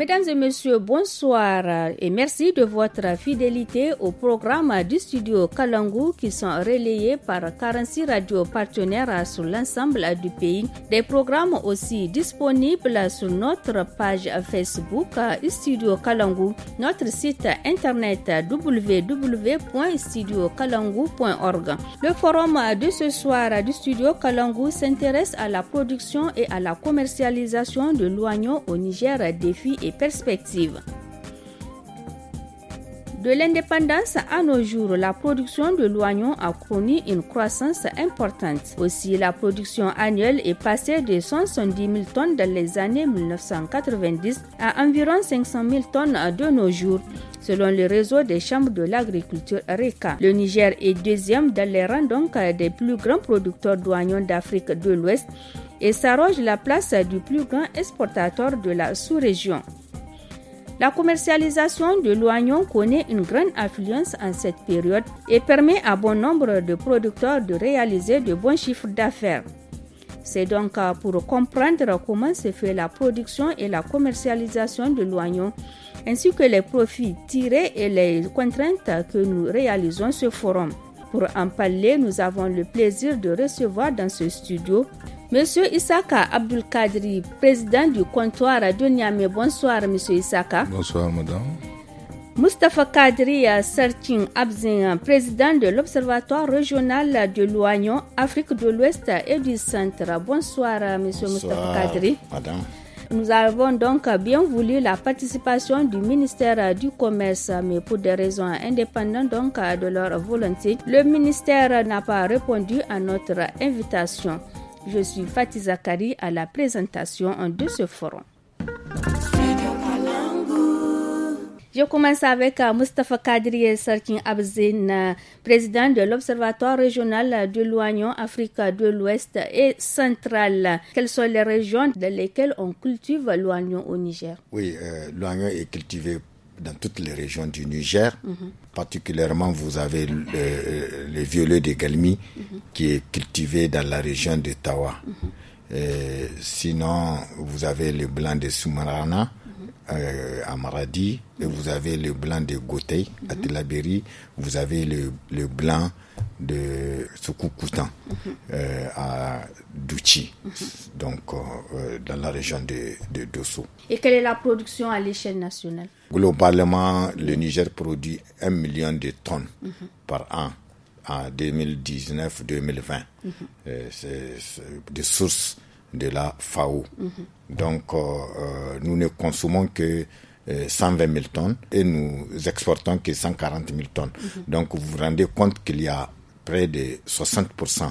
Mesdames et messieurs, bonsoir et merci de votre fidélité au programme du studio Kalangu qui sont relayés par 46 radios partenaires sur l'ensemble du pays. Des programmes aussi disponibles sur notre page Facebook Studio Kalangu, notre site internet www.studiokalangu.org. Le forum de ce soir du studio Kalangu s'intéresse à la production et à la commercialisation de l'oignon au Niger, défi et perspectiva. De l'indépendance à nos jours, la production de l'oignon a connu une croissance importante. Aussi, la production annuelle est passée de 170 000 tonnes dans les années 1990 à environ 500 000 tonnes de nos jours selon le réseau des chambres de l'agriculture RECA. Le Niger est deuxième dans les rangs des plus grands producteurs d'oignons d'Afrique de l'Ouest et s'arroge la place du plus grand exportateur de la sous-région. La commercialisation de l'oignon connaît une grande affluence en cette période et permet à bon nombre de producteurs de réaliser de bons chiffres d'affaires. C'est donc pour comprendre comment se fait la production et la commercialisation de l'oignon, ainsi que les profits tirés et les contraintes que nous réalisons ce forum. Pour en parler, nous avons le plaisir de recevoir dans ce studio Monsieur Isaka Abdul Kadri, président du comptoir de Niamey. Bonsoir, Monsieur Isaka. Bonsoir, madame. Mustafa Kadri Sertin Abzin, président de l'Observatoire régional de l'Oignon, Afrique de l'Ouest et du Centre. Bonsoir, Monsieur Mustafa Kadri. Madame. Nous avons donc bien voulu la participation du ministère du Commerce, mais pour des raisons indépendantes donc de leur volonté, le ministère n'a pas répondu à notre invitation. Je suis Fatih Zakari à la présentation de ce forum. Je commence avec euh, Mustafa Kadri Sarkin Abzin, euh, président de l'Observatoire régional de l'Oignon, Afrique de l'Ouest et centrale. Quelles sont les régions dans lesquelles on cultive l'oignon au Niger Oui, euh, l'oignon est cultivé dans toutes les régions du Niger. Mhm. Particulièrement, vous avez le, euh, violet de Galmi mhm. qui est cultivé dans la région de Tawa. Mhm. Euh, sinon, vous avez le blanc de Soumarana euh, à Maradi, et vous avez le blanc de Gotei à Telaberi, vous avez le blanc de Soukoutan mhm. euh, à Douchi, donc euh, euh, dans la région de, de Dosso. Et quelle est la production à l'échelle nationale Globalement, le Niger produit 1 million de tonnes mhm. par an en 2019-2020. Mhm. C'est des sources de la FAO. Donc, nous ne consommons que 120 euh, 000 tonnes et nous exportons que 140 000 tonnes. Mhm. Donc vous vous rendez compte qu'il y a près de 60%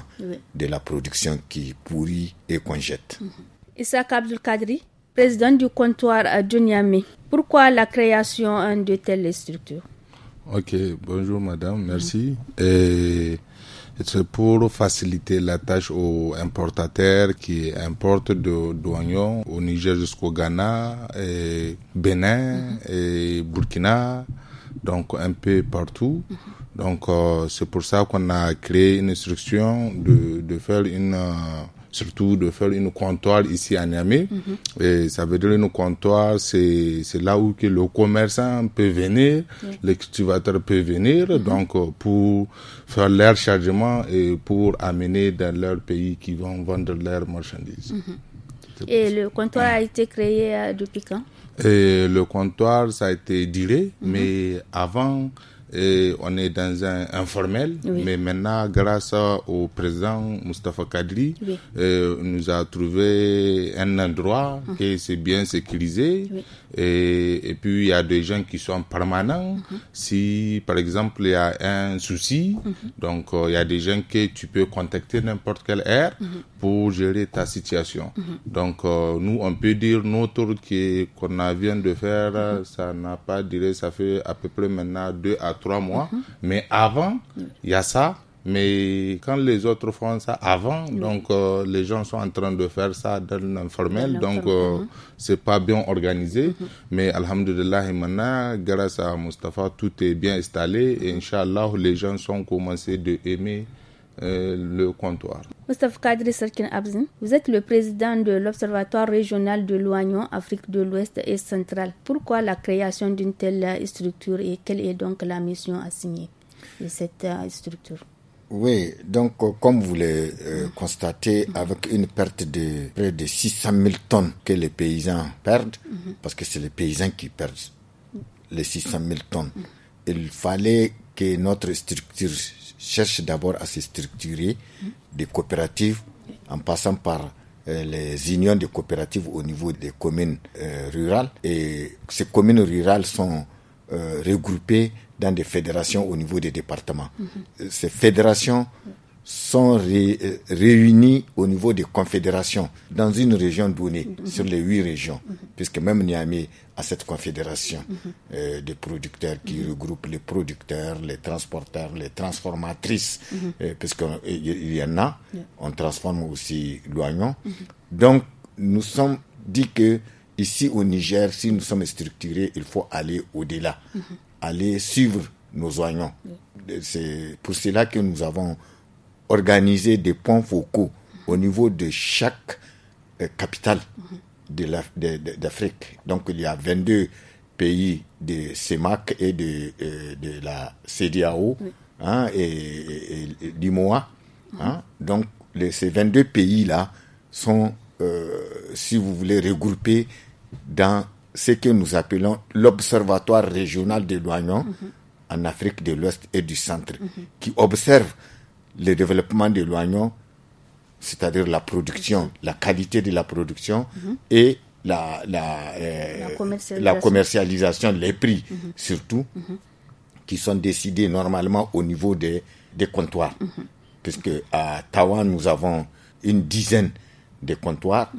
de la production qui pourrit et qu'on jette. Mhm. Issa Kadri, président du comptoir à Niamey, pourquoi la création de telles structures Ok, bonjour madame, merci. Mhm. et c'est pour faciliter la tâche aux importateurs qui importent de, d'oignons au Niger jusqu'au Ghana, et Bénin mhm. et Burkina, donc un peu partout. Mhm. Donc euh, c'est pour ça qu'on a créé une instruction de, de faire une... Euh, surtout de faire une comptoir ici à Niamey. Mhm. Et ça veut dire une comptoir, c'est là où que le commerçant peut venir, les peut venir, mhm. donc euh, pour faire leur chargement et pour amener dans leur pays qui vont vendre leurs marchandises. Mhm. Et le comptoir a été créé euh, depuis quand et Le comptoir, ça a été diré, mais avant on est dans un informel, mais maintenant, grâce au président Mustafa Kadri, euh, nous a trouvé un endroit ah. qui est bien sécurisé. Et, puis, il y a des gens qui sont permanents. Mhm. Si, par exemple, il y a un souci, mhm. donc euh, il y a des gens que tu peux contacter n'importe quelle heure mhm. pour gérer ta situation. Donc, euh, nous, on peut dire notre qu'on a vient de faire, ça n'a pas duré, ça fait à peu près maintenant deux à trois mois. Mais avant, il y a ça. Mais quand les autres font ça avant, donc euh, les gens sont en train de faire ça dans l'informel, donc n'est euh, c'est pas bien organisé. Mhm. Mais Alhamdulillah, maintenant, grâce à Mustafa, tout est bien installé et Inch'Allah, les gens sont commencés de aimer euh, le comptoir. Kadri Serkin Abzin, vous êtes le président de l'Observatoire régional de l'Oignon, Afrique de l'Ouest et centrale. Pourquoi la création d'une telle structure et quelle est donc la mission assignée de cette euh, structure oui, donc euh, comme vous le constatez, avec une perte de près de 600 000 tonnes que les paysans perdent, mhm. parce que c'est les paysans qui perdent mm. les 600 000 tonnes, mm. il fallait que notre structure cherche d'abord à se structurer des coopératives en passant par euh, les unions de coopératives au niveau des communes euh, rurales. Et ces communes rurales sont euh, regroupées dans des fédérations au niveau des départements. Mhm. Ces fédérations sont réunis au niveau des confédérations dans une région donnée, mhm. sur les huit régions, puisque même Niamey a cette confédération de mhm. euh, des producteurs qui mhm. regroupe les producteurs, les transporteurs, les transformatrices, euh, puisqu'il y en a. On transforme aussi l'oignon. Donc, nous sommes dit que ici au Niger, si nous sommes structurés, il faut aller au-delà, aller suivre nos oignons. C'est pour cela que nous avons organiser des points focaux au niveau de chaque euh, capitale d'Afrique. Donc il y a 22 pays de CEMAC et de, euh, la CDAO hein, et, du MOA. Hein. Donc les, ces 22 pays-là sont, euh, si vous voulez, regroupés dans ce que nous appelons l'Observatoire régional des mhm. en Afrique de l'Ouest et du Centre, mhm. qui observe le développement de l'oignon, c'est-à-dire la production, la qualité de la production mm-hmm. et la, la, euh, la, commercialisation. les prix mm-hmm. surtout, mm-hmm. qui sont décidés normalement au niveau des, des comptoirs. Puisque à Tawa, nous avons une dizaine de comptoirs.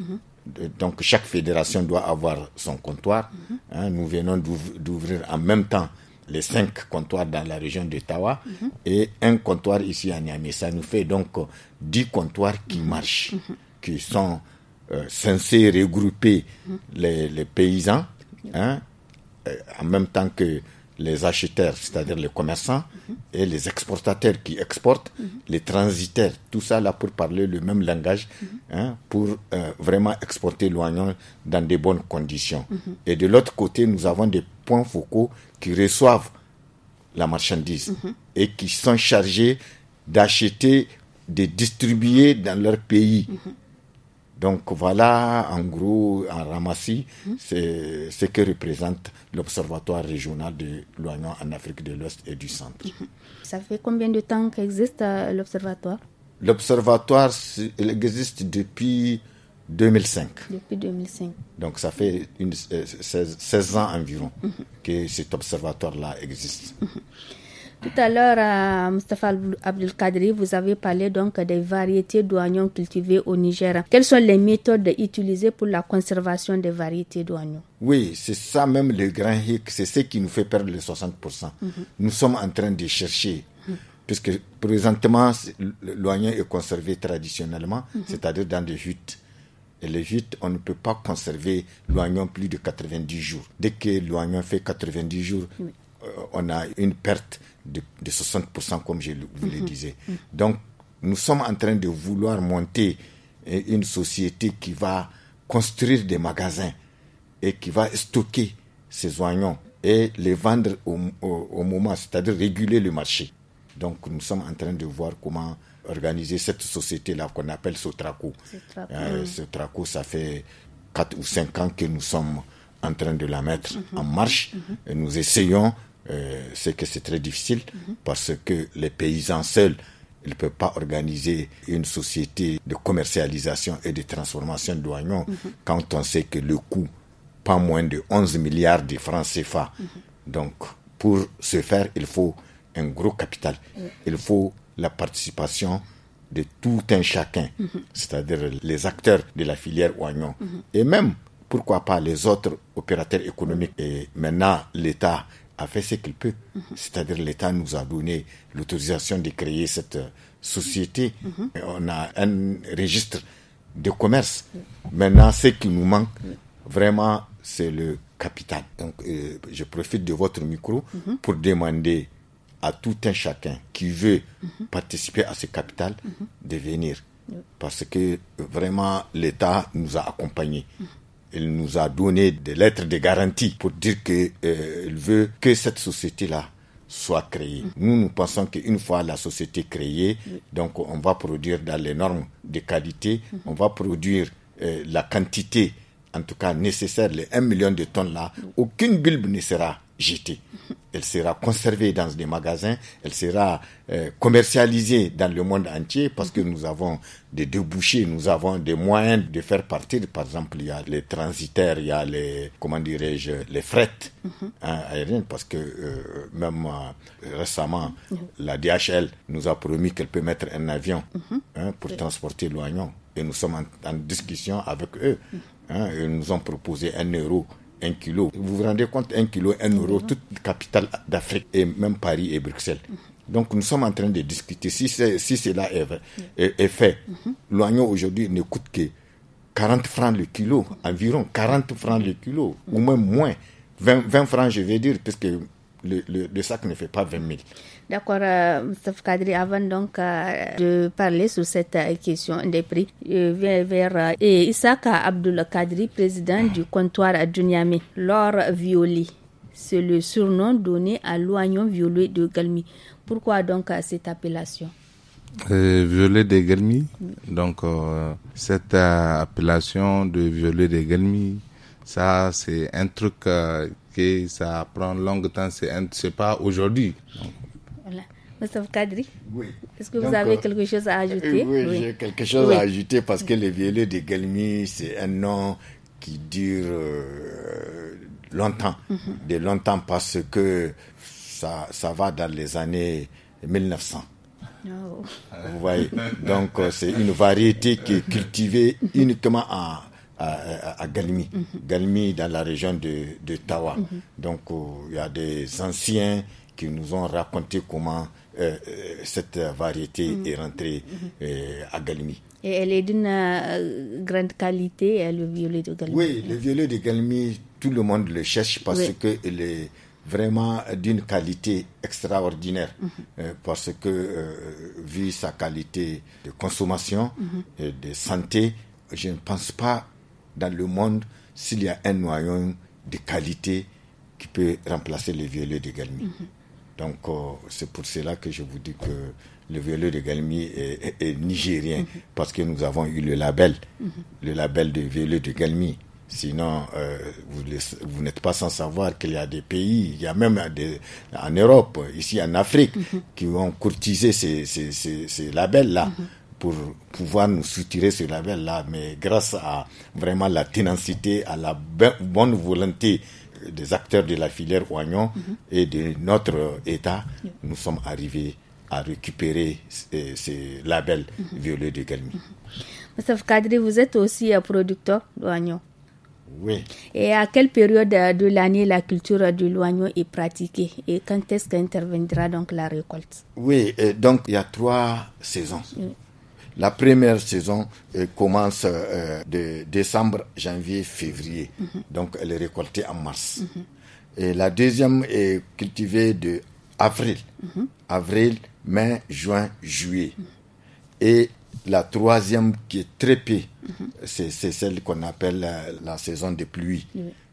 Donc chaque fédération doit avoir son comptoir. Hein, nous venons d'ouvrir en même temps les cinq comptoirs dans la région de Tawa mhm. et un comptoir ici à Niamey. Ça nous fait donc euh, dix comptoirs qui mhm. marchent, mhm. qui sont euh, censés regrouper les, paysans hein, euh, en même temps que les acheteurs, c'est-à-dire les commerçants, et les exportateurs qui exportent, les transitaires, tout ça là pour parler le même langage, hein, pour euh, vraiment exporter l'oignon dans de bonnes conditions. Et de l'autre côté, nous avons des points focaux qui reçoivent la marchandise et qui sont chargés d'acheter, de distribuer dans leur pays donc voilà, en gros, en ramassie, hmm. c'est ce que représente l'Observatoire régional de l'Oignon en Afrique de l'Ouest et du Centre. Hmm. Ça fait combien de temps qu'existe euh, l'Observatoire L'Observatoire existe depuis 2005. Depuis 2005. Donc ça fait une, 16, euh, ans environ hmm. que cet observatoire-là existe. Tout à l'heure, euh, Mustafa Abdelkadri, vous avez parlé donc des variétés d'oignons cultivées au Niger. Quelles sont les méthodes utilisées pour la conservation des variétés d'oignons Oui, c'est ça même le grand hic, c'est ce qui nous fait perdre les 60%. Mhm. Nous sommes en train de chercher. Mhm. Puisque présentement, l'oignon est conservé traditionnellement, mhm. c'est-à-dire dans des huttes. Et les huttes, on ne peut pas conserver l'oignon plus de 90 jours. Dès que l'oignon fait 90 jours, euh, on a une perte de, 60%, comme je vous le mm-hmm. disais. Mm. Donc, nous sommes en train de vouloir monter eh, une société qui va construire des magasins et qui va stocker ces oignons et les vendre au, moment, c'est-à-dire réguler le marché. Donc nous sommes en train de voir comment organiser cette société-là qu'on appelle Sotraco. Sotraco, euh, mm. ça fait 4 ou 5 ans que nous sommes en train de la mettre mm-hmm. en marche. Mm-hmm. et nous essayons euh, c'est que c'est très difficile parce que les paysans seuls ils ne peuvent pas organiser une société de commercialisation et de transformation de quand on sait que le coût, pas moins de 11 milliards de francs CFA. Donc, pour ce faire, il faut un gros capital. Il faut la participation de tout un chacun, c'est-à-dire les acteurs de la filière oignon. Mhm. Et même, pourquoi pas, les autres opérateurs économiques. Et maintenant, l'État a fait ce qu'il peut. Mhm. C'est-à-dire l'État nous a donné l'autorisation de créer cette euh, société. Mhm. on a un registre de commerce. Maintenant, ce qui nous manque, vraiment, c'est le capital. Donc, euh, je profite de votre micro mhm. pour demander à tout un chacun qui veut participer à ce capital de venir parce que vraiment l'État nous a accompagnés il nous a donné des lettres de garantie pour dire qu'il euh, veut que cette société-là soit créée. Mm. Nous, nous pensons qu'une fois la société créée, donc on va produire dans les normes de qualité, mm. on va produire euh, la quantité, en tout cas nécessaire, les 1 million de tonnes-là. Aucune bulbe ne sera jetée. Elle sera conservée dans des magasins, elle sera euh, commercialisée dans le monde entier parce que nous avons des débouchés, nous avons des moyens de faire partir. Par exemple, il y a les transitaires, il y a les, comment dirais-je, les frettes mhm. hein, aériennes parce que euh, même euh, récemment, la DHL nous a promis qu'elle peut mettre un avion mhm. hein, pour transporter l'oignon. Et nous sommes en, discussion avec eux. Mhm. Hein, ils nous ont proposé un euro un kilo. Vous vous rendez compte, un kilo, un euro, mhm. toute capitale d'Afrique et même Paris et Bruxelles. Mhm. Donc nous sommes en train de discuter si, si cela est, est, fait. Mhm. L'oignon aujourd'hui ne coûte que 40 francs le kilo, environ 40 francs le kilo, ou même moins, 20, francs je vais dire, parce que le, sac ne fait pas 20 000. D'accord, euh, Kadri, avant donc euh, de parler sur cette euh, question des prix, je euh, vais vers et Isaka Abdul Kadri, président du comptoir à l'or violé. C'est le surnom donné à l'oignon violet de Galmi. Pourquoi donc cette appellation Violet de Galmi, donc cette appellation de violet de Galmi, ça c'est un truc que ça prend longtemps, c'est pas aujourd'hui. Voilà. Monsieur Kadri, est-ce que vous avez euh, quelque chose à ajouter Oui, j'ai quelque chose à ajouter parce que le violet de Gelmi, c'est un nom qui dure euh, longtemps, mhm. de longtemps parce que ça, ça va dans les années 1900. Vous voyez, donc euh, c'est une variété qui est cultivée uniquement en à, à Galmi. Mhm. dans la région de, Tawa. Mhm. Donc, euh, il y a des anciens qui nous ont raconté comment euh, euh, cette variété mhm. est rentrée à Galmi. Et elle est d'une grande qualité, le violet de Galmi. Oui, le violet de Galmi, tout le monde le cherche parce que qu'il est vraiment d'une qualité extraordinaire parce que vu sa qualité de consommation et de santé, je ne pense pas dans le monde s'il y a un noyau de qualité qui peut remplacer le violet de Galmi. Mhm. Donc euh, c'est pour cela que je vous dis que le violet de Galmi est, nigérien, mhm. parce que nous avons eu le label, mhm. le label de violet de Galmi. Sinon, euh, vous, n'êtes pas sans savoir qu'il y a des pays, il y a même en Europe, ici en Afrique, qui ont courtisé ces, ces, ces labels-là pour pouvoir nous soutirer ce label-là, mais grâce à vraiment la ténacité, à la ben, bonne volonté des acteurs de la filière oignon mhm. et de notre État, nous sommes arrivés à récupérer ce, euh, label mhm. violet de Galmi. M. mm Kadri, vous êtes aussi un euh, producteur d'oignon. Oui. Et à quelle période euh, de l'année la culture de l'oignon est pratiquée et quand est-ce qu'interviendra donc la récolte Oui, donc il y a trois saisons. La première saison euh, commence euh, de décembre, janvier, février. Mhm. Donc elle est récoltée en mars. Mhm. Et la deuxième est cultivée de avril. Mhm. Avril, mai, juin, juillet. Et la troisième qui est très peu, c'est celle qu'on appelle euh, la, saison de pluie.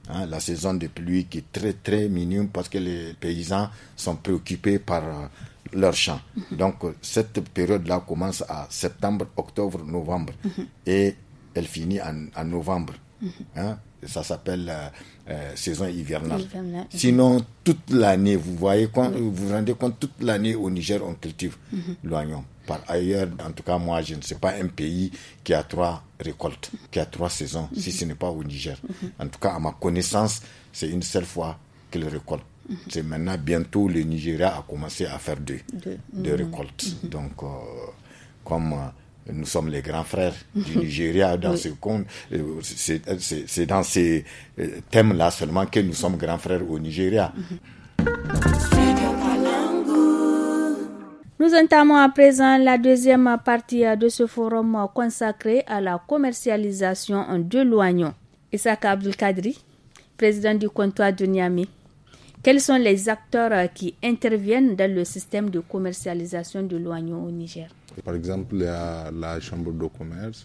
Hein, la saison de pluie qui est très très minime parce que les paysans sont préoccupés par leur champ. Donc cette période-là commence à septembre, octobre, novembre mhm. et elle finit en, novembre. Mhm. Hein? Ça s'appelle euh, euh, saison hivernale. Sinon, toute l'année, vous voyez, quand, vous rendez compte, toute l'année au Niger, on cultive mhm. l'oignon. Par ailleurs, en tout cas, moi, je ne sais pas un pays qui a trois récoltes, qui a trois saisons, si ce n'est pas au Niger. En tout cas, à ma connaissance, c'est une seule fois qu'il récolte. Mhm. C'est maintenant bientôt le Nigeria a commencé à faire deux, mhm. récoltes. Mhm. Donc, euh, comme euh, nous sommes les grands frères du Nigeria dans ce compte, euh, c'est dans ces thèmes-là seulement que nous sommes grands frères au Nigeria. Nous entamons à présent la deuxième partie de ce forum consacré à la commercialisation de l'oignon. Isaac Kadri président du comptoir de Niamey. Quels sont les acteurs euh, qui interviennent dans le système de commercialisation de l'oignon au Niger Par exemple, la Chambre de commerce.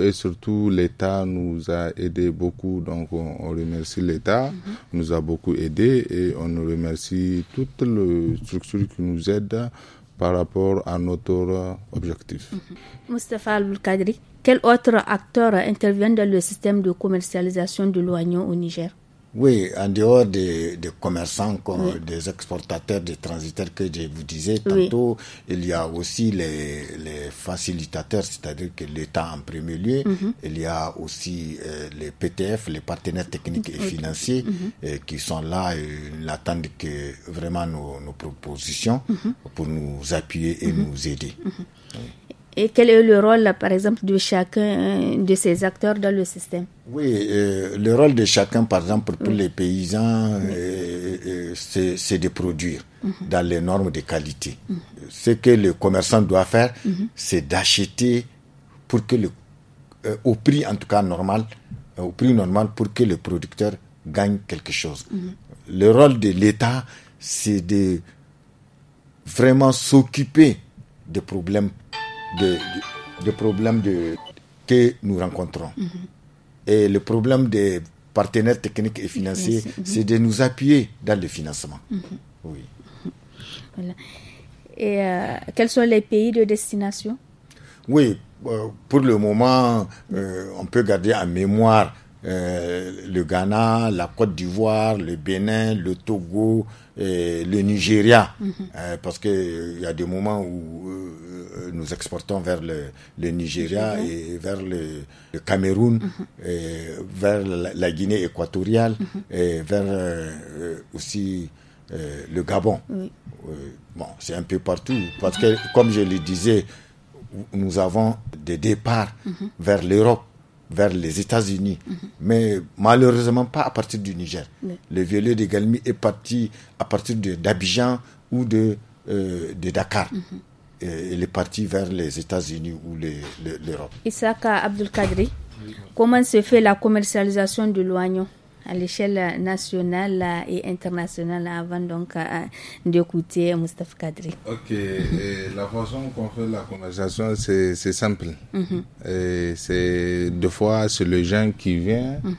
Et surtout, l'État nous a aidé beaucoup, donc on, remercie l'État, mm-hmm. nous a beaucoup aidés et on remercie toute la structure qui nous aide par rapport à notre objectif. Mm-hmm. Moustapha Al-Kadri, quels autres acteurs interviennent dans le système de commercialisation de l'oignon au Niger oui, en dehors des, commerçants, des exportateurs, des transiteurs que je vous disais tantôt, il y a aussi les, facilitateurs, c'est-à-dire que l'État en premier lieu, mhm. il y a aussi euh, les PTF, les partenaires techniques et financiers, mhm. euh, qui sont là, et n'attendent que vraiment nos, propositions mhm. pour nous appuyer et nous aider. Et quel est le rôle, par exemple, de chacun hein, de ces acteurs dans le système Oui, euh, le rôle de chacun, par exemple, pour les paysans, euh, euh, c'est de produire mhm. dans les normes de qualité. Mhm. Ce que le commerçant doit faire, mhm. c'est d'acheter pour que le, au prix en tout cas normal, au prix normal pour que le producteur gagne quelque chose. Le rôle de l'État, c'est de vraiment s'occuper des problèmes de, problèmes de, que nous rencontrons. Mhm. Et le problème des partenaires techniques et financiers, mhm. c'est de nous appuyer dans le financement. Mhm. Oui. Et euh, quels sont les pays de destination Oui, euh, pour le moment, euh, on peut garder en mémoire le Ghana, la Côte d'Ivoire, le Bénin, le Togo, et le Nigeria, parce qu'il y a des moments où euh, nous exportons vers le, Nigeria et vers le, Cameroun, mhm. vers la, Guinée équatoriale, mhm. et vers euh, aussi euh, le Gabon. bon, c'est un peu partout, parce que comme je le disais, nous avons des départs mhm. vers l'Europe vers les États-Unis, mais malheureusement pas à partir du Niger. Le violet de Galmi est parti à partir d'Abidjan ou de, de Dakar elle est partie vers les États-Unis ou l'Europe. Isaka Kadri comment se fait la commercialisation de l'oignon à l'échelle nationale et internationale avant donc euh, d'écouter Moustapha Kadri. Ok, la façon qu'on fait la commercialisation, c'est simple. Mhm. C'est deux fois, c'est le gens qui vient. Mhm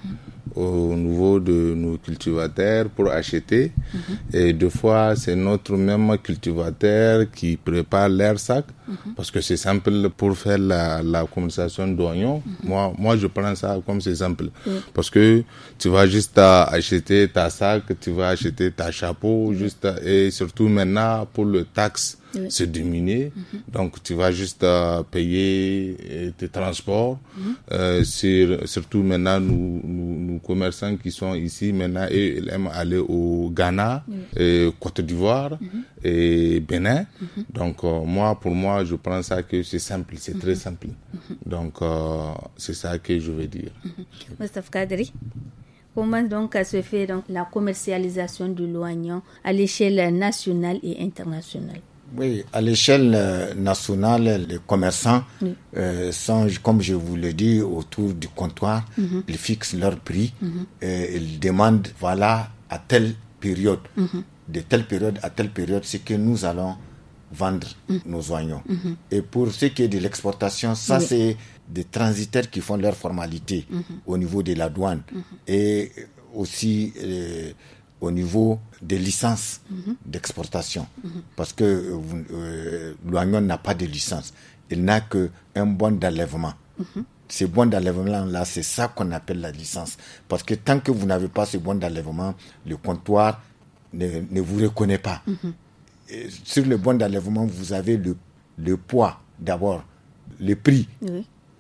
au niveau de nos cultivateurs pour acheter. Mhm. Et deux fois, c'est notre même cultivateur qui prépare leur sac mhm. parce que c'est simple pour faire la, la conversation d'oignons. Mhm. Moi, moi, je prends ça comme c'est simple parce que tu vas juste acheter ta sac, tu vas acheter ta chapeau, juste et surtout maintenant pour le taxe. c'est se diminuer. Donc, tu vas juste euh, payer euh, tes transports. euh, surtout maintenant, nous commerçants qui sont ici maintenant, et ils aiment aller au Ghana, Côte d'Ivoire mhm. et Bénin. Mhm. Donc, euh, moi, pour moi, je prends ça que c'est simple, c'est très mhm. simple. Donc, euh, c'est ça que je veux dire. Mustapha Kadri Comment donc se fait donc la commercialisation du l'oignon à l'échelle nationale et internationale oui, à l'échelle euh, nationale, les commerçants euh, sont, comme je vous le dit, autour du comptoir. Mhm. Ils fixent leur prix. Mhm. et ils demandent, voilà, à telle période, mhm. de telle période à telle période, ce que nous allons vendre nos oignons. Et pour ce qui est de l'exportation, ça c'est des transitaires qui font leur formalité au niveau de la douane. Et aussi... Euh, au niveau des licences d'exportation. Parce que euh, l'oignon n'a pas de licence. Il n'a qu'un bon d'enlèvement. Ce Ces bons d'enlèvement-là, c'est ça qu'on appelle la licence. Parce que tant que vous n'avez pas ce bon d'enlèvement, le comptoir ne, vous reconnaît pas. sur le bon d'enlèvement, vous avez le, le poids d'abord, le prix,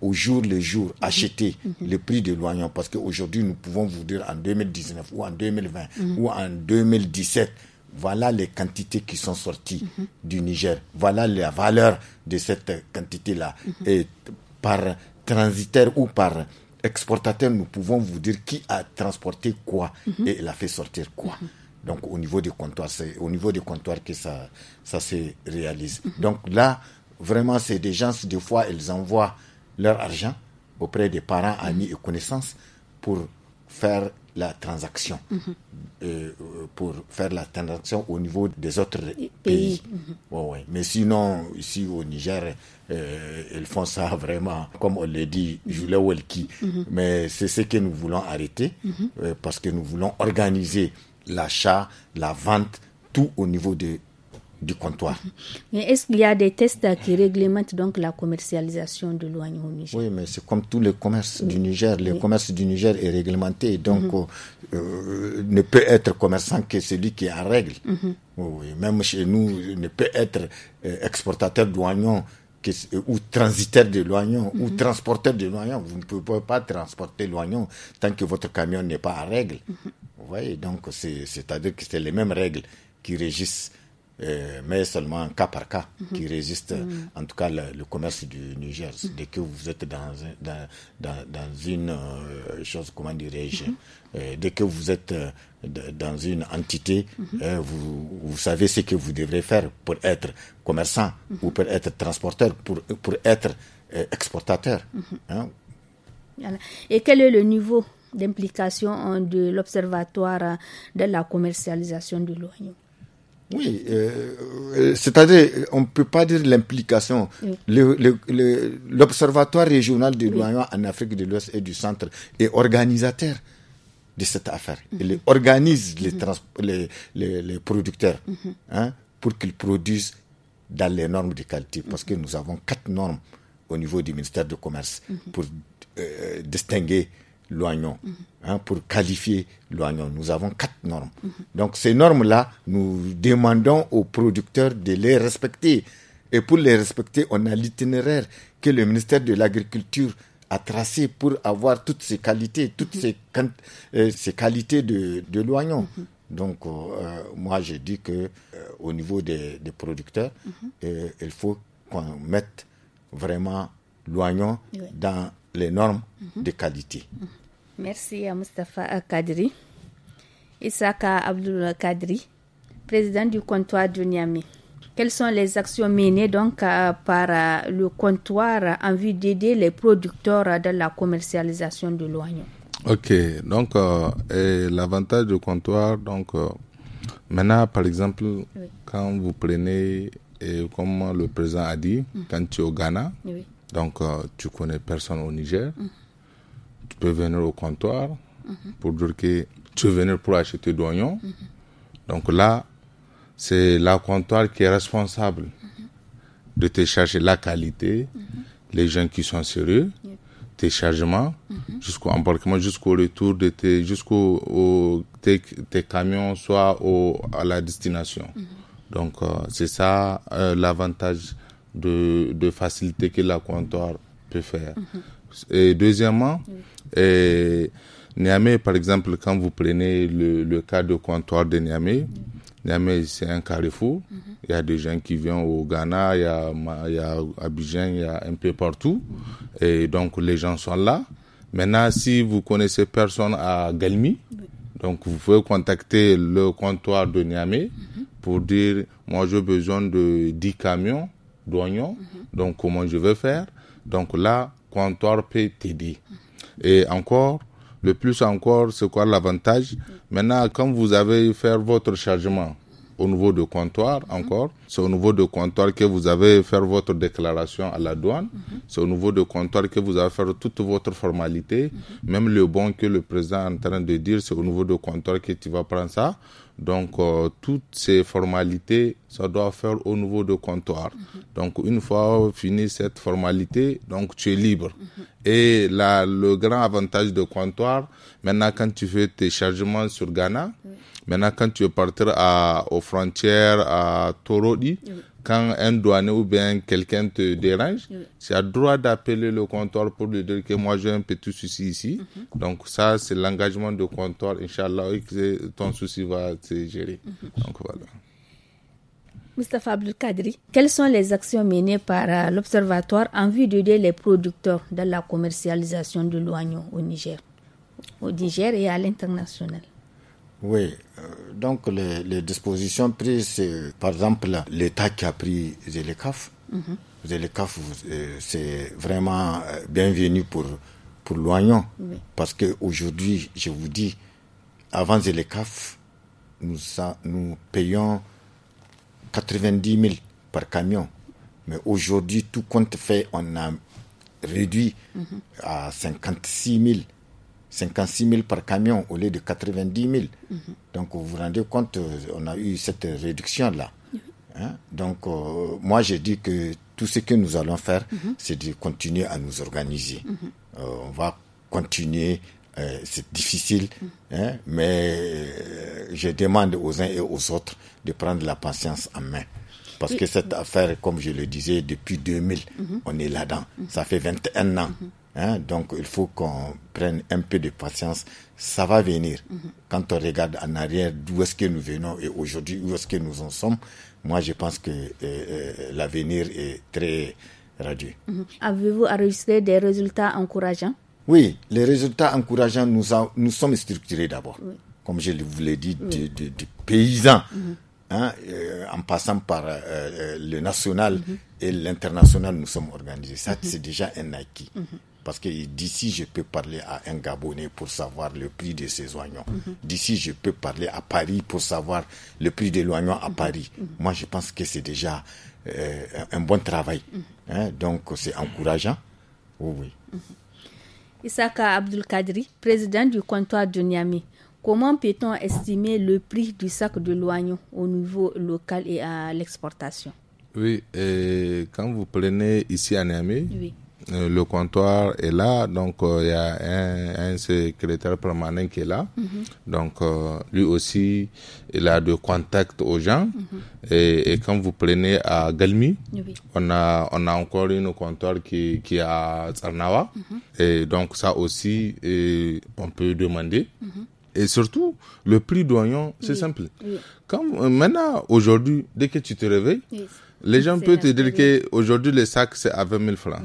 au jour le jour mhm. acheter mhm. le prix de l'oignon. Parce qu'aujourd'hui, nous pouvons vous dire en 2019 ou en 2020 mhm. ou en 2017 voilà les quantités qui sont sorties du Niger, voilà la valeur de cette quantité-là. Et par transitaire ou par exportateur, nous pouvons vous dire qui a transporté quoi et il a fait sortir quoi. Donc au niveau des comptoirs, c'est au niveau des comptoirs que ça, ça se réalise. Donc là, vraiment, c'est des gens, des fois, ils envoient leur argent auprès des parents, amis et connaissances pour faire la transaction, mhm. euh, euh, pour faire la transaction au niveau des autres pays. Mhm. Mais sinon, ici au Niger, euh, ils font ça vraiment, comme on mhm. le dit, joulet welki. elle Mais c'est ce que nous voulons arrêter, parce que nous voulons organiser l'achat, la vente, tout au niveau de du comptoir. Mhm. Mais est-ce qu'il y a des tests qui réglementent donc la commercialisation de l'oignon au Niger Oui, mais c'est comme tout le commerce du Niger. Le commerce du Niger est réglementé, donc mhm. euh, euh, ne peut être commerçant que celui qui est en règle. Mhm. même chez nous, ne peut être euh, exportateur d'oignon ou transitaire de l'oignon ou transporteur de l'oignon. Vous ne pouvez pas transporter l'oignon tant que votre camion n'est pas en règle. Vous voyez, donc c'est-à-dire que c'est les mêmes règles qui régissent euh, mais seulement cas par cas, qui mhm. résiste mhm. en tout cas le, commerce du Niger. Dès que vous êtes dans, une euh, chose, comment dirais mhm. euh, dès que vous êtes dans une entité, vous, savez ce que vous devrez faire pour être commerçant ou pour être transporteur, pour, pour être exportateur. Hein. Et quel est le niveau d'implication hein, de l'Observatoire hein, de la commercialisation de l'oignon oui, euh, euh, c'est-à-dire, on ne peut pas dire l'implication. L'Observatoire régional de l'Oignon en Afrique de l'Ouest et du Centre est organisateur de cette affaire. Mhm. Il organise les, mhm. les, producteurs mhm. hein, pour qu'ils produisent dans les normes de qualité. Parce que nous avons quatre normes au niveau du ministère du Commerce pour euh, distinguer l'oignon, hein, pour qualifier l'oignon. Nous avons quatre normes. Donc ces normes-là, nous demandons aux producteurs de les respecter. Et pour les respecter, on a l'itinéraire que le ministère de l'Agriculture a tracé pour avoir toutes ces qualités, toutes ces, euh, ces qualités de, l'oignon. Donc, euh, euh, moi, je dis que au niveau des, producteurs, il faut qu'on mette vraiment l'oignon dans les normes de qualité. Merci à Mustafa Kadri. Isaka Abdul Kadri, président du comptoir de Niamey. Quelles sont les actions menées donc euh, par euh, le comptoir en vue d'aider les producteurs dans la commercialisation de l'oignon Ok, donc euh, l'avantage du comptoir, donc maintenant par exemple, quand vous prenez, et comme le président a dit, mm. quand tu es au Ghana, donc tu connais personne au Niger. Mm tu peux venir au comptoir pour dire que tu veux venir pour acheter d'oignons. Donc là, c'est la comptoir qui est responsable de te chercher la qualité, les gens qui sont sérieux, tes chargements, mhm. jusqu'au embarquement, jusqu'au retour de tes, jusqu'au tes, camions, soit à la destination. Mhm. Donc euh, c'est ça euh, l'avantage de, de facilité que la comptoir peut faire. Mhm. Et deuxièmement, et Niamey, par exemple, quand vous prenez le, cas de comptoir de Niamey, Niamey, c'est un carrefour. Il y a des gens qui viennent au Ghana, il y a, il y a Abidjan, il y a un peu partout. Et donc, les gens sont là. Maintenant, si vous connaissez personne à Galmi, donc vous pouvez contacter le comptoir de Niamey pour dire, moi, j'ai besoin de 10 camions d'oignons. Mhm. Donc, comment je vais faire? Donc là, comptoir peut t'aider. Et encore, le plus encore, c'est quoi l'avantage Maintenant, quand vous avez fait votre chargement au niveau de comptoir, encore, c'est au niveau de comptoir que vous avez fait votre déclaration à la douane, c'est au niveau de comptoir que vous avez fait toute votre formalité, même le bon que le président est en train de dire, c'est au niveau de comptoir que tu vas prendre ça. Donc, euh, toutes ces formalités, ça doit faire au niveau de comptoir. Donc, une fois fini cette formalité, donc tu es libre. Et là, le grand avantage de comptoir, maintenant, quand tu fais tes chargements sur Ghana, maintenant, quand tu veux partir aux frontières à Torodi, quand un douanier ou bien quelqu'un te dérange, tu as droit d'appeler le comptoir pour lui dire que moi j'ai un petit souci ici. Mhm. Donc ça, c'est l'engagement du comptoir, Inch'Allah, que ton souci va se gérer. Mhm. Donc voilà. Abdelkadri, quelles sont les actions menées par euh, l'Observatoire en vue d'aider les producteurs dans la commercialisation de l'oignon au Niger, au Niger et à l'international oui, euh, donc les, dispositions prises, par exemple l'État qui a pris Zélecaf. Mm euh, c'est vraiment euh, bienvenu pour, pour Loignon. parce Parce qu'aujourd'hui, je vous dis, avant Zélecaf, nous, nous payons 90 000 par camion. Mais aujourd'hui, tout compte fait, on a réduit mhm. à 56 000 56 000 par camion au lieu de 90 000. Mhm. Donc vous vous rendez compte, euh, on a eu cette réduction-là. Hein? Donc euh, moi j'ai dit que tout ce que nous allons faire, mhm. c'est de continuer à nous organiser. Mhm. Euh, on va continuer. c'est difficile, hein, mais je demande aux uns et aux autres de prendre la patience en main. Parce que cette affaire, comme je le disais, depuis 2000, on est là-dedans. Ça fait 21 ans. Hein, donc il faut qu'on prenne un peu de patience, ça va venir. Mhm. Quand on regarde en arrière d'où est-ce que nous venons et aujourd'hui où est-ce que nous en sommes, moi je pense que euh, euh, l'avenir est très radieux. Mhm. Avez-vous enregistré des résultats encourageants Oui, les résultats encourageants, nous, nous sommes structurés d'abord, comme je vous l'ai dit, du paysans. Mhm. Hein, euh, en passant par le national et l'international, nous sommes organisés. Ça, c'est déjà un acquis. Parce que d'ici, je peux parler à un Gabonais pour savoir le prix de ses oignons. Mhm. D'ici, je peux parler à Paris pour savoir le prix des l'oignon à mhm. Paris. Mhm. Moi, je pense que c'est déjà euh, un bon travail. Hein, donc, c'est encourageant. oui, oui. Isaka Abdul Kadri, président du comptoir de Niamey. Comment peut-on estimer le prix du sac de l'oignon au niveau local et à l'exportation Oui, quand vous prenez ici à Niamey, oui. Euh, le comptoir est là, donc euh, il y a un, secrétaire permanent qui est là. Mhm. Donc euh, lui aussi, il a de contact aux gens. Mhm. et, quand vous prenez à Galmi, on, a, on a encore une comptoir qui, qui est à Tsarnawa. Mhm. Et donc ça aussi, on peut demander. Et surtout, le prix d'oignon, c'est simple. Comme maintenant, aujourd'hui, dès que tu te réveilles, les gens peuvent te dire qu'aujourd'hui, le sac, c'est à 20 000 francs.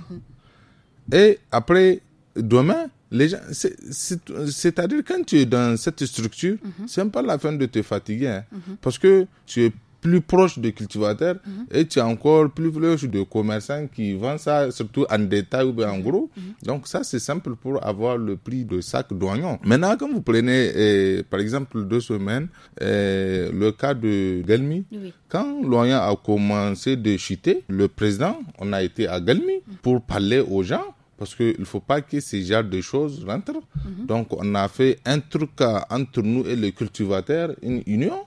Et après, demain, les gens, c'est-à-dire quand tu es dans cette structure, mhm. c'est pas la fin de te fatiguer, hein. mhm. parce que tu es plus proche des cultivateurs mhm. et tu as encore plus proche de commerçants qui vendent ça, surtout en détail ou en gros. Mhm. Mhm. Donc ça, c'est simple pour avoir le prix de sac d'oignon. Maintenant, quand vous prenez, eh, par exemple, deux semaines, eh, le cas de Galmi, quand l'oignon a commencé de chuter, le président, on a été à Galmi pour parler aux gens parce qu'il ne faut pas que ces genre de choses rentrent. Donc, on a fait un truc euh, entre nous et les cultivateurs, une union,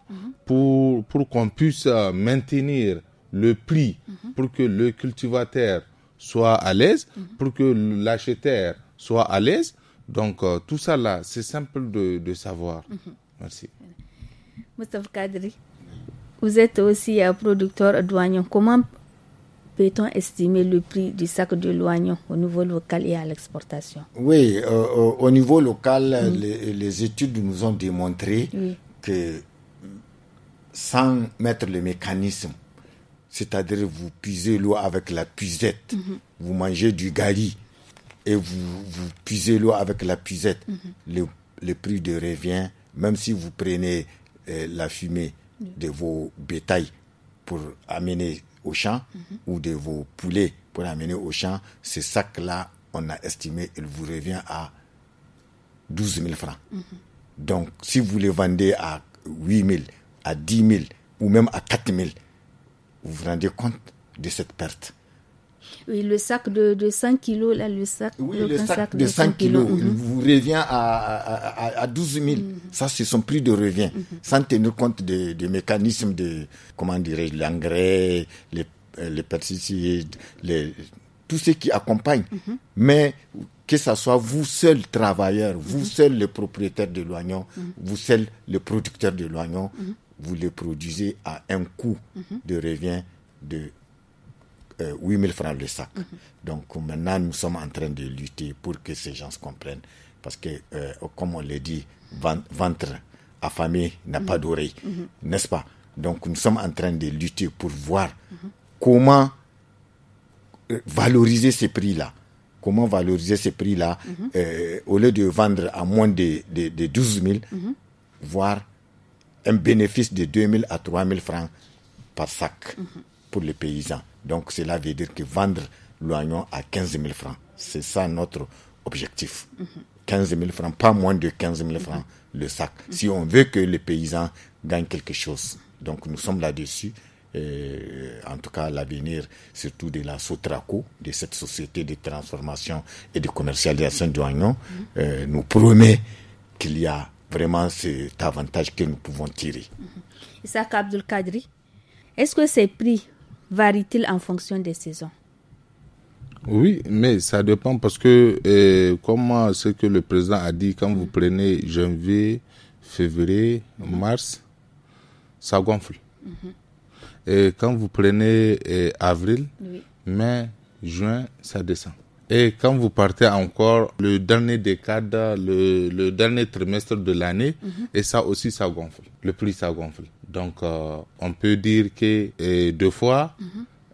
pour, pour qu'on puisse euh, maintenir le prix, pour que le cultivateur soit à l'aise, pour que l'acheteur soit à l'aise. Donc, euh, tout ça là, c'est simple de, savoir. Merci. Moustapha Kadri, vous êtes aussi un producteur douanier. Comment peut-on estimer le prix du sac de l'oignon au niveau local et à l'exportation Oui, euh, euh, au niveau local, mm-hmm. les, études nous ont démontré que sans mettre le mécanisme, c'est-à-dire vous puisez l'eau avec la puisette, mm-hmm. vous mangez du gari et vous, puisez l'eau avec la puisette, mm-hmm. le, prix de revient, même si vous prenez euh, la fumée de vos bétails pour amener au champ mhm. ou de vos poulets pour amener au champ, ce sac-là, on a estimé, il vous revient à 12 000 francs. Mhm. Donc, si vous les vendez à 8 000, à 10 000 ou même à 4 000, vous vous rendez compte de cette perte. Oui, le sac de, de 5 kilos, là, le sac, de 5 kilos, mhm. vous revient à, à, 12 000. Mhm. Ça, c'est son prix de revient, mhm. sans tenir compte des mécanismes de, comment dirais l'engrais, les, euh, les pesticides, les, tout ce qui accompagne. Mais que ce soit vous seul travailleur, vous seul le propriétaire de l'oignon, vous seul le producteur de l'oignon, vous le produisez à un coût de revient de 8 euh, 8000 francs le sac. Mhm. Donc maintenant, nous sommes en train de lutter pour que ces gens se comprennent. Parce que, euh, comme on le dit, ventre affamé n'a pas mhm. d'oreille, mhm. n'est-ce pas Donc nous sommes en train de lutter pour voir comment euh, valoriser ces prix-là. Comment valoriser ces prix-là au lieu de vendre à moins de, de 12 000, voir un bénéfice de 2 000 à 3 000 francs par sac pour les paysans. Donc cela veut dire que vendre l'oignon à 15 000 francs, c'est ça notre objectif. 15 000 francs, pas moins de 15 000 francs le sac. Si on veut que les paysans gagnent quelque chose. Donc nous sommes là-dessus. Euh, en tout cas, l'avenir surtout de la Sotraco, de cette société de transformation et de commercialisation du euh, nous promet qu'il y a vraiment cet avantage que nous pouvons tirer. Isaac Abdul Kadri, est-ce que ces prix varie-t-il en fonction des saisons oui, mais ça dépend parce que, eh, comme ce que le président a dit, quand vous mm-hmm. prenez janvier, février, mm-hmm. mars, ça gonfle. Mm-hmm. Et quand vous prenez eh, avril, mai, juin, ça descend. Et quand vous partez encore le dernier décade, le, dernier trimestre de l'année, et ça aussi, ça gonfle. Le prix, ça gonfle. Donc, euh, on peut dire que eh, deux fois, mhm.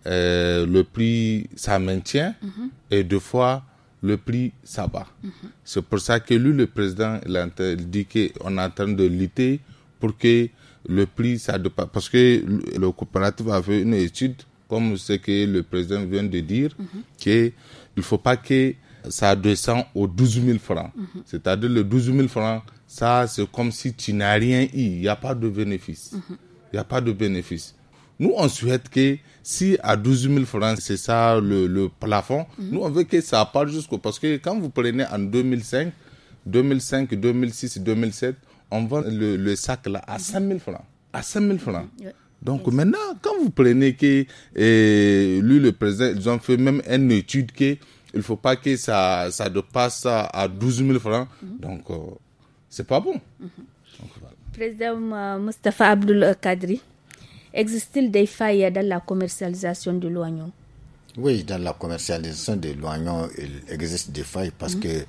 eh, le prix, ça maintient, mhm. et deux fois, le prix, ça bat. Mhm. C'est pour ça que lui, le président, il dit qu'on est en train de lutter pour que le prix, ça ne Parce que le coopératif a fait une étude, comme ce que le président vient de dire, qu'il ne faut pas que ça descend aux 12 000 francs. Mhm. C'est-à-dire le 12 000 francs, ça c'est comme si tu n'as rien eu, il n'y a pas de bénéfice. Mhm. Il n'y a pas de bénéfice. Nous, on souhaite que si à 12 000 francs, c'est ça le, plafond, mhm. nous, on veut que ça parte jusqu'au... Parce que quand vous prenez en 2005, 2005, 2006, 2007, on vend le, sac là à 5 000 francs. À 5 000 francs. Donc maintenant, quand vous prenez que, eh, lui, le président, ils ont fait même une étude que il ne faut pas que ça, ça dépasse à 12 000 francs. Mhm. Donc, ce euh, c'est pas bon. Mhm. Président Mustafa Abdul Kadri, existe-t-il des failles dans la commercialisation de l'oignon Oui, dans la commercialisation de l'oignon, il existe des failles parce mhm. que.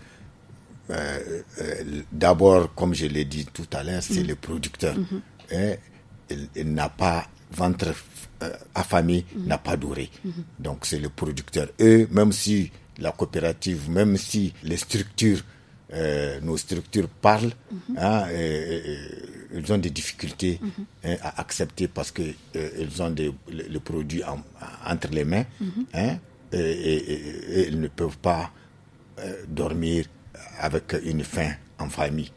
Euh, euh, d'abord, comme je l'ai dit tout à l'heure, c'est le producteur. Hein, il, n'a pas ventre affamé, n'a pas doré. Donc c'est le producteur. Eux, même si la coopérative, même si les structures, euh, nos structures parlent, mhm. hein, elles ont des difficultés mhm. hein, à accepter parce que euh, ils ont le, produit entre les mains mhm. hein, et, et, elles ne peuvent pas euh, dormir avec une faim en famille.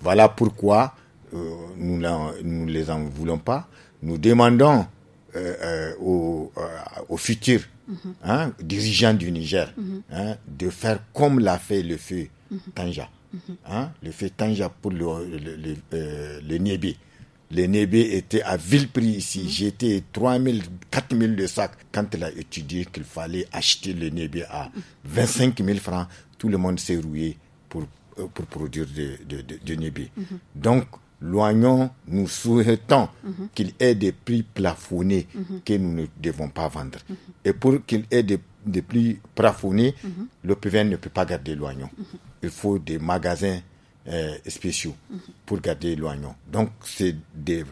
Voilà pourquoi nous, nous les en voulons pas. Nous demandons euh, euh, euh, au futur mhm. hein, dirigeant du Niger mhm. hein, de faire comme l'a fait le feu mhm. Tanja. Hein, le feu Tanja pour le, le, le, Nébé le était à vil prix ici. J'étais 3 000, 4 000 de sacs. Quand elle a étudié qu'il fallait acheter le Nébé à 25 000 francs, tout le monde s'est rouillé pour, pour produire de, de, Donc, L'oignon, nous souhaitons mhm. qu'il ait des prix plafonnés mhm. que nous ne devons pas vendre. Et pour qu'il ait des, prix plafonnés, mhm. le PVN ne peut pas garder l'oignon. Il faut des magasins euh, spéciaux pour garder l'oignon. Donc, c'est des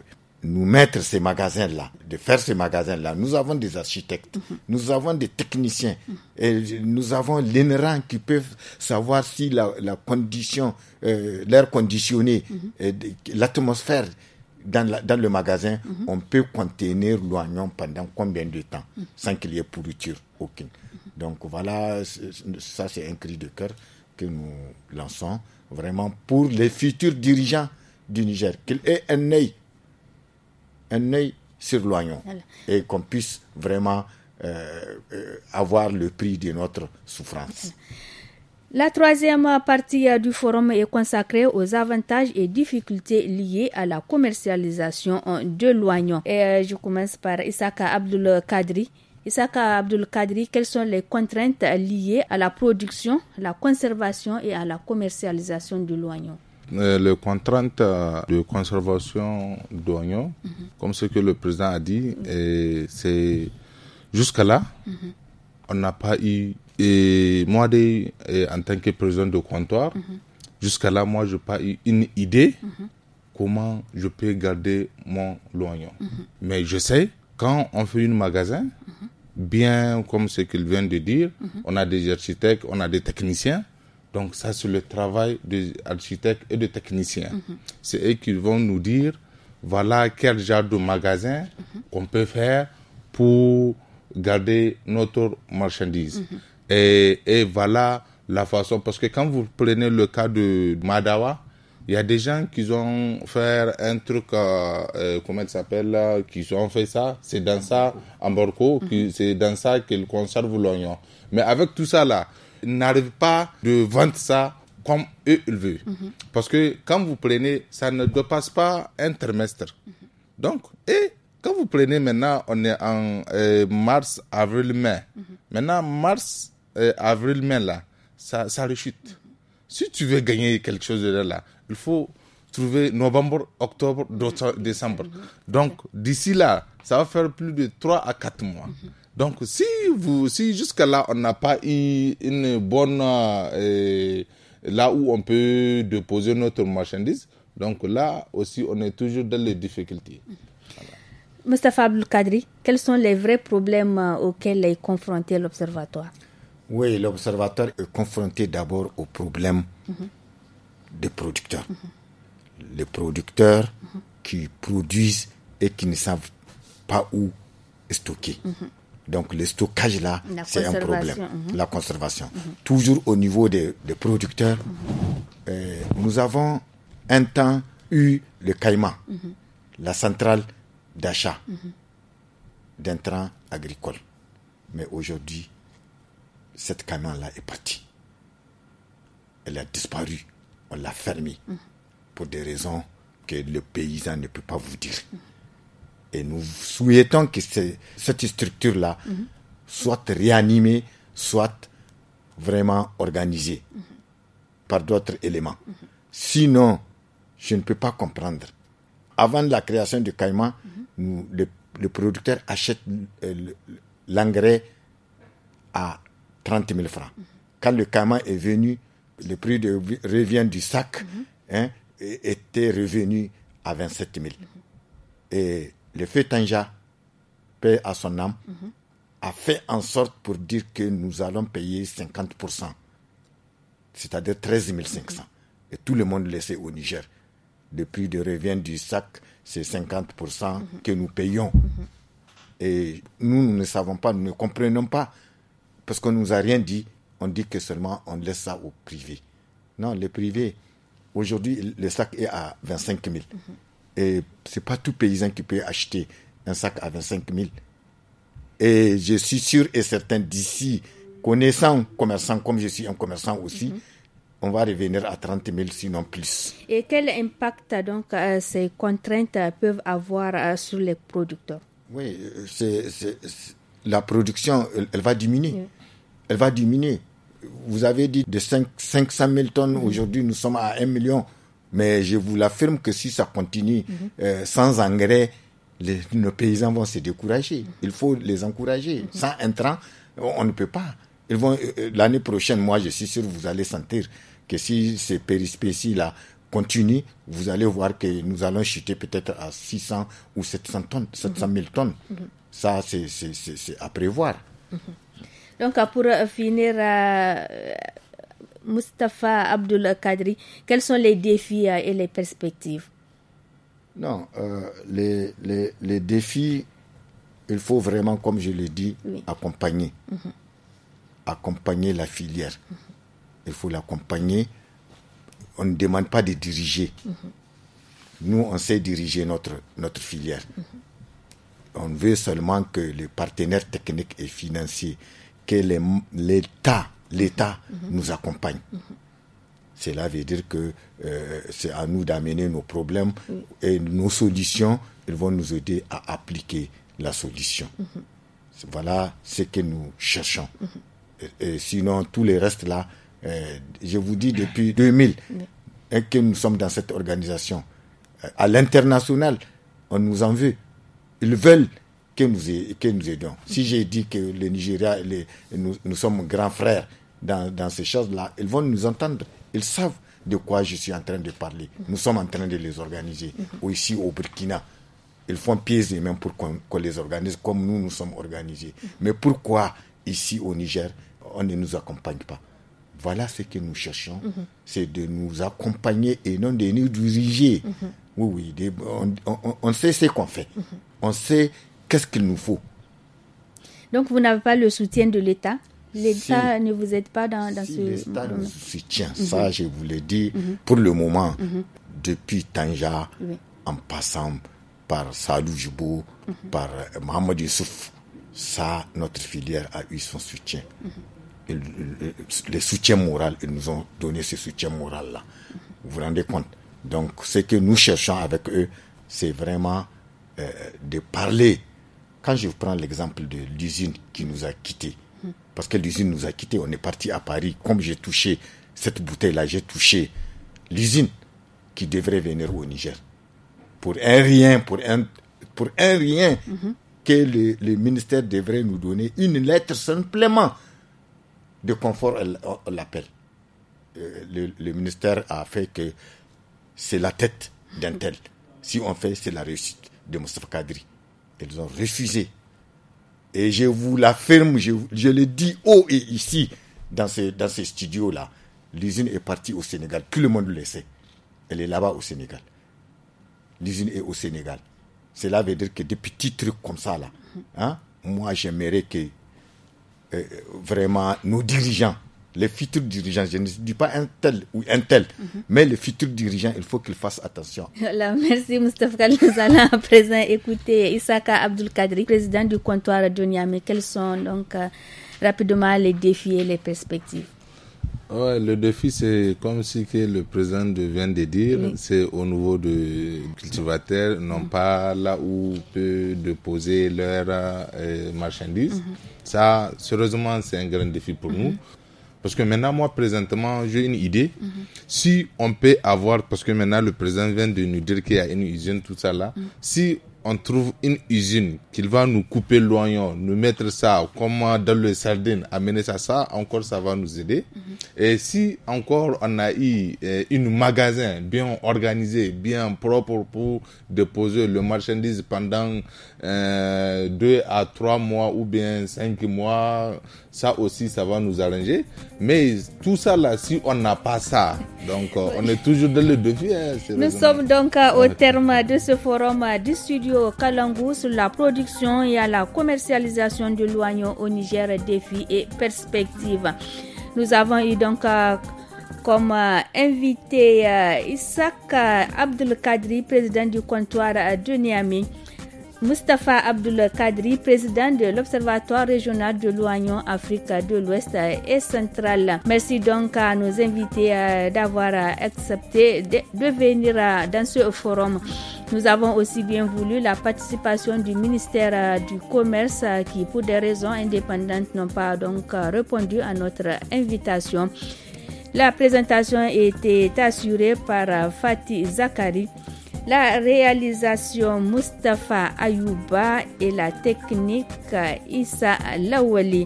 nous mettre ces magasins-là, de faire ces magasins-là. Nous avons des architectes, mhm. nous avons des techniciens, et nous avons l'énergie qui peuvent savoir si la, la condition, euh, l'air conditionné, mhm. euh, l'atmosphère dans, dans, le magasin, mhm. on peut contenir l'oignon pendant combien de temps sans qu'il y ait pourriture aucune. Donc voilà, ça c'est un cri de cœur que nous lançons vraiment pour les futurs dirigeants du Niger, Qu'ils aient un œil un œil sur l'oignon et qu'on puisse vraiment euh, euh, avoir le prix de notre souffrance. La troisième partie euh, du forum est consacrée aux avantages et difficultés liées à la commercialisation de l'oignon. Et je commence par Isaka Abdul Kadri. Isaka Abdul Kadri, quelles sont les contraintes liées à la production, la conservation et à la commercialisation de l'oignon euh, le contrainte euh, de conservation d'oignons, mhm. comme ce que le président a dit, c'est jusqu'à là, mhm. on n'a pas eu. Et moi, en tant que président de comptoir, mhm. jusqu'à là, moi, je n'ai pas eu une idée comment je peux garder mon oignon. Mais je sais, quand on fait une magasin, bien comme ce qu'il vient de dire, on a des architectes, on a des techniciens donc ça, c'est le travail des architectes et des techniciens. Mhm. C'est eux qui vont nous dire, voilà quel genre de magasin qu'on mhm. peut faire pour garder notre marchandise. Mhm. et, et, voilà la façon, parce que quand vous prenez le cas de Madawa, il y a des gens qui ont fait un truc, euh, euh, comment ça s'appelle, qui ont fait ça. C'est dans ça, en Borco, c'est dans ça qu'ils conservent l'oignon. Mais avec tout ça là, n'arrive pas de vendre ça comme eux le veulent. Mhm. Parce que quand vous prenez, ça ne dépasse pas un trimestre. Mhm. Donc, et quand vous prenez maintenant, on est en euh, mars, avril, mai. Mhm. Maintenant, mars, euh, avril, mai, là, ça, ça rechute. Si tu veux gagner quelque chose de là, il faut trouver novembre, octobre, décembre. Donc, d'ici là, ça va faire plus de 3 à 4 mois. Donc, si, vous, si jusque-là, on n'a pas eu une bonne... Euh, là où on peut déposer notre marchandise, donc là aussi, on est toujours dans les difficultés. Voilà. Fablou Kadri, quels sont les vrais problèmes euh, auxquels est confronté l'Observatoire Oui, l'Observatoire est confronté d'abord aux problèmes mhm. des producteurs. Mhm. Les producteurs mhm. qui produisent et qui ne savent pas où stocker. Donc le stockage là, c'est un problème. Mhm. La conservation. Toujours au niveau des, producteurs, euh, nous avons un temps eu le caïman, mhm. la centrale d'achat train agricole. Mais aujourd'hui, cette caïman-là est partie. Elle a disparu. On l'a fermée mhm. pour des raisons que le paysan ne peut pas vous dire. Et nous souhaitons que cette structure-là soit réanimée, soit vraiment organisée par d'autres éléments. Sinon, je ne peux pas comprendre. Avant la création du caïman, le, producteur achète euh, l'engrais à 30 000 francs. Quand le caïman est venu, le prix revient du sac hein, était revenu à 27 000. Et le feu Tanja, paix à son âme, a fait en sorte pour dire que nous allons payer 50%, c'est-à-dire 13 500. Et tout le monde le au Niger. Le prix de revient du sac, c'est 50% que nous payons. Et nous, nous ne savons pas, nous ne comprenons pas, parce qu'on ne nous a rien dit. On dit que seulement on laisse ça au privé. Non, le privé, aujourd'hui, le sac est à 25 000. Et c'est pas tout paysan qui peut acheter un sac à 25 000. Et je suis sûr et certain d'ici, connaissant commerçant comme je suis un commerçant aussi, mhm. on va revenir à 30 000 sinon plus. Et quel impact donc euh, ces contraintes peuvent avoir euh, sur les producteurs Oui, c'est, la production, elle, va diminuer. Elle va diminuer. Vous avez dit de 5, 500 000 tonnes, aujourd'hui nous sommes à 1 million. Mais je vous l'affirme que si ça continue mhm. euh, sans engrais, nos paysans vont se décourager. Il faut les encourager. Mhm. Sans intrants, on ne peut pas. Euh, euh, l'année prochaine, moi je suis sûr, vous allez sentir que si ces périspécies là continuent, vous allez voir que nous allons chuter peut-être à 600 ou 700 tonnes, 700 mhm. 000 tonnes. Ça, c'est à prévoir. Donc, pour finir, Mustapha Abdul Kadri, quels sont les défis euh, et les perspectives Non, euh, les, défis, il faut vraiment, comme je l'ai dit, accompagner. Mhm. Accompagner la filière. Il faut l'accompagner. On ne demande pas de diriger. Mhm. Nous, on sait diriger notre, notre filière. Mhm. On veut seulement que les partenaires techniques et financiers, que l'État l'État nous accompagne. Cela veut dire que euh, c'est à nous d'amener nos problèmes et nos solutions. Ils vont nous aider à appliquer la solution. Voilà ce que nous cherchons. et, sinon, tous les restes là, euh, je vous dis depuis 2000 hein, que nous sommes dans cette organisation. Euh, à l'international, on nous en veut. Ils veulent que nous, que nous aidions. Si j'ai dit que le Nigeria, nous sommes grands frères, dans, ces choses-là, ils vont nous entendre. Ils savent de quoi je suis en train de parler. Nous sommes en train de les organiser. Mhm. Ou ici au Burkina, ils font pieds et même pour qu'on les organise comme nous, nous sommes organisés. Mhm. Mais pourquoi ici au Niger, on ne nous accompagne pas Voilà ce que nous cherchons, mhm. c'est de nous accompagner et non de nous diriger. Oui, oui, on, sait ce qu'on fait. On sait qu'est-ce qu'il nous faut. Donc vous n'avez pas le soutien de l'État L'État ne vous aide pas dans, dans ce... soutien, mhm. ça je vous le dis. Mhm. Pour le moment, mhm. depuis Tanja, en passant par Salou par Mohamed Youssouf, ça, notre filière a eu son soutien. le soutien moral, ils nous ont donné ce soutien moral-là. Vous vous rendez compte Donc, ce que nous cherchons avec eux, c'est vraiment euh, de parler. Quand je prends l'exemple de l'usine qui nous a quittés, parce que l'usine nous a quittés. On est parti à Paris. Comme j'ai touché cette bouteille-là, j'ai touché l'usine qui devrait venir au Niger. Pour un rien, pour un, pour rien, mhm. que le, ministère devrait nous donner une lettre simplement de confort à l'appel. Euh, le, ministère a fait que c'est la tête d'un tel. Si on fait, c'est la réussite de Mustafa Kadri. Ils ont refusé et je vous l'affirme, je, je le dis haut et ici, dans ce dans studios-là, l'usine est partie au Sénégal. Tout le monde le sait. Elle est là-bas au Sénégal. L'usine est au Sénégal. Cela veut dire que des petits trucs comme ça, là, hein, moi j'aimerais que euh, vraiment nos dirigeants les futurs dirigeants. Je ne dis pas un tel ou un tel, mhm. mais les futurs dirigeants, il faut qu'ils fassent attention. merci Moustapha. Nous allons à présent écouter Isaka Abdulkadri, président du comptoir de Niamey. Quels sont donc euh, rapidement les défis et les perspectives le défi, c'est comme ce que le président vient de dire, c'est au niveau de cultivateurs, non mhm. pas là où peut déposer leurs euh, marchandises. Mhm. Ça, sérieusement, c'est un grand défi pour nous. Parce que maintenant, moi, présentement, j'ai une idée. Si on peut avoir, parce que maintenant, le président vient de nous dire qu'il y a une usine, tout ça là. Si on trouve une usine qu'il va nous couper l'oignon, nous mettre ça, comment dans le sardine, amener ça, ça, encore, ça va nous aider. Et si encore on a eu euh, un magasin bien organisé, bien propre pour déposer le marchandise pendant euh, deux à trois mois ou bien cinq mois, ça aussi ça va nous arranger. Mais tout ça là, si on n'a pas ça, donc euh, on est toujours dans le défi. Hein, nous sommes donc euh, au terme de ce forum du studio Kalangu sur la production et à la commercialisation du l'oignon au Niger, défis et perspectives. Nous avons eu donc euh, comme euh, invité euh, Isaac Abdelkadri, président du comptoir de Niamey. Mustapha Abdul Kadri, président de l'Observatoire régional de l'Oignon Afrique de l'Ouest et centrale. Merci donc à nos invités euh, d'avoir accepté de venir euh, dans ce forum. Nous avons aussi bien voulu la participation du ministère euh, du Commerce qui, pour des raisons indépendantes, n'ont pas donc répondu à notre invitation. La présentation était assurée par Fatih Zakari. La réalisation Mustafa Ayouba et la technique Issa Lawali.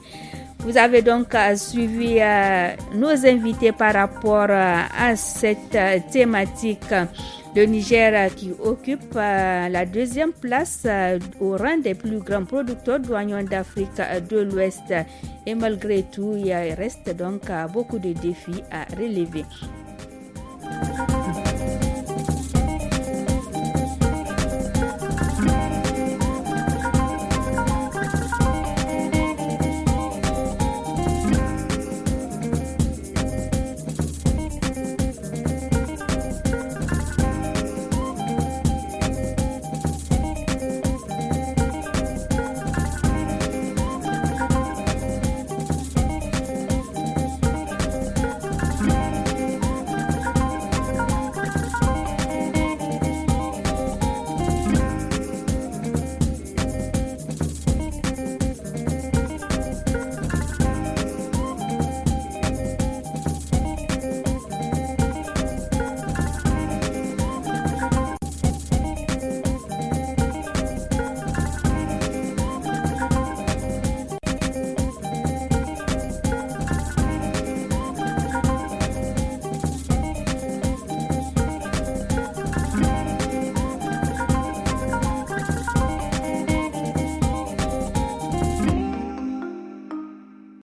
Vous avez donc euh, suivi euh, nos invités par rapport euh, à cette thématique. Le Niger qui occupe la deuxième place au rang des plus grands producteurs douaniens d'Afrique de l'Ouest. Et malgré tout, il reste donc beaucoup de défis à relever.